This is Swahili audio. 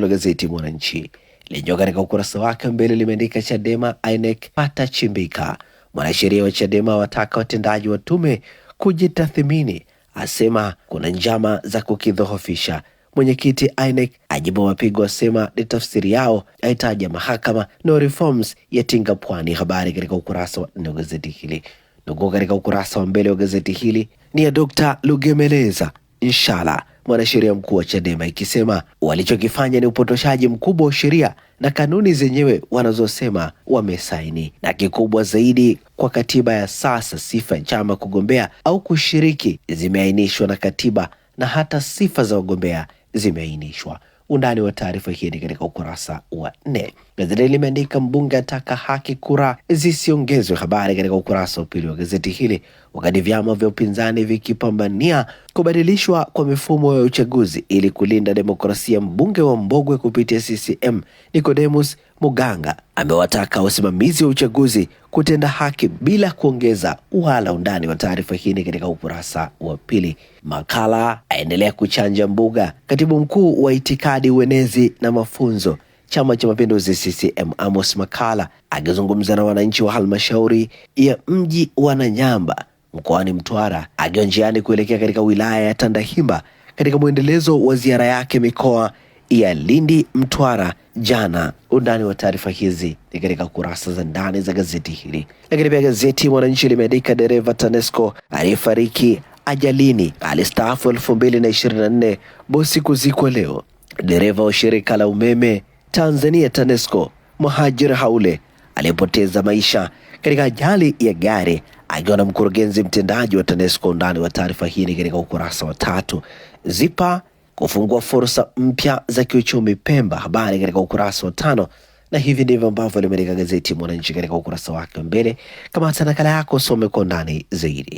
la gazeti Mwananchi lenyewe katika ukurasa wake mbele limeandika Chadema INEC pata chimbika, mwanasheria wa Chadema wataka watendaji wa tume kujitathimini asema kuna njama za kukidhoofisha. Mwenyekiti INEC ajibu mapigo, asema ni tafsiri yao, aitaja mahakama. No reforms yatinga pwani, habari katika ukurasa wa nne wa gazeti hili. nuguo katika ukurasa wa mbele wa gazeti hili ni ya Dr. Lugemeleza Inshallah mwanasheria mkuu wa Chadema ikisema walichokifanya ni upotoshaji mkubwa wa sheria na kanuni zenyewe wanazosema wamesaini, na kikubwa zaidi, kwa katiba ya sasa sifa ya chama kugombea au kushiriki zimeainishwa na katiba na hata sifa za wagombea zimeainishwa. Undani wa taarifa hii ni katika ukurasa wa nne. Gazeti limeandika mbunge ataka haki kura zisiongezwe, habari katika ukurasa wa pili wa gazeti hili, wakati vyama vya upinzani vikipambania kubadilishwa kwa mifumo ya uchaguzi ili kulinda demokrasia. Mbunge wa Mbogwe kupitia CCM Nicodemus Muganga amewataka wasimamizi wa uchaguzi kutenda haki bila kuongeza wala undani wa taarifa hii katika ukurasa wa pili. Makala aendelea kuchanja mbuga. Katibu mkuu wa itikadi, uenezi na mafunzo Chama cha Mapinduzi CCM Amos Makala akizungumza na wananchi wa halmashauri ya mji wa Nanyamba mkoani Mtwara akiwa njiani kuelekea katika wilaya ya Tandahimba katika mwendelezo wa ziara yake mikoa ya Lindi Mtwara jana. Undani wa taarifa hizi ni katika kurasa za ndani za gazeti hili. Lakini pia gazeti Mwananchi limeandika dereva TANESCO aliyefariki ajalini alistaafu elfu mbili na ishirini na nne bosi kuzikwa leo. Dereva wa shirika la umeme Tanzania TANESCO Muhajir Haule aliyepoteza maisha katika ajali ya gari akiwa na mkurugenzi mtendaji wa TANESCO. Undani wa taarifa hii ni katika ukurasa wa tatu. Zipa kufungua fursa mpya za kiuchumi Pemba. Habari katika ukurasa wa tano, na hivi ndivyo ambavyo limeandika gazeti Mwananchi katika ukurasa wake wa mbele. Kamata nakala yako, usome kwa ndani zaidi.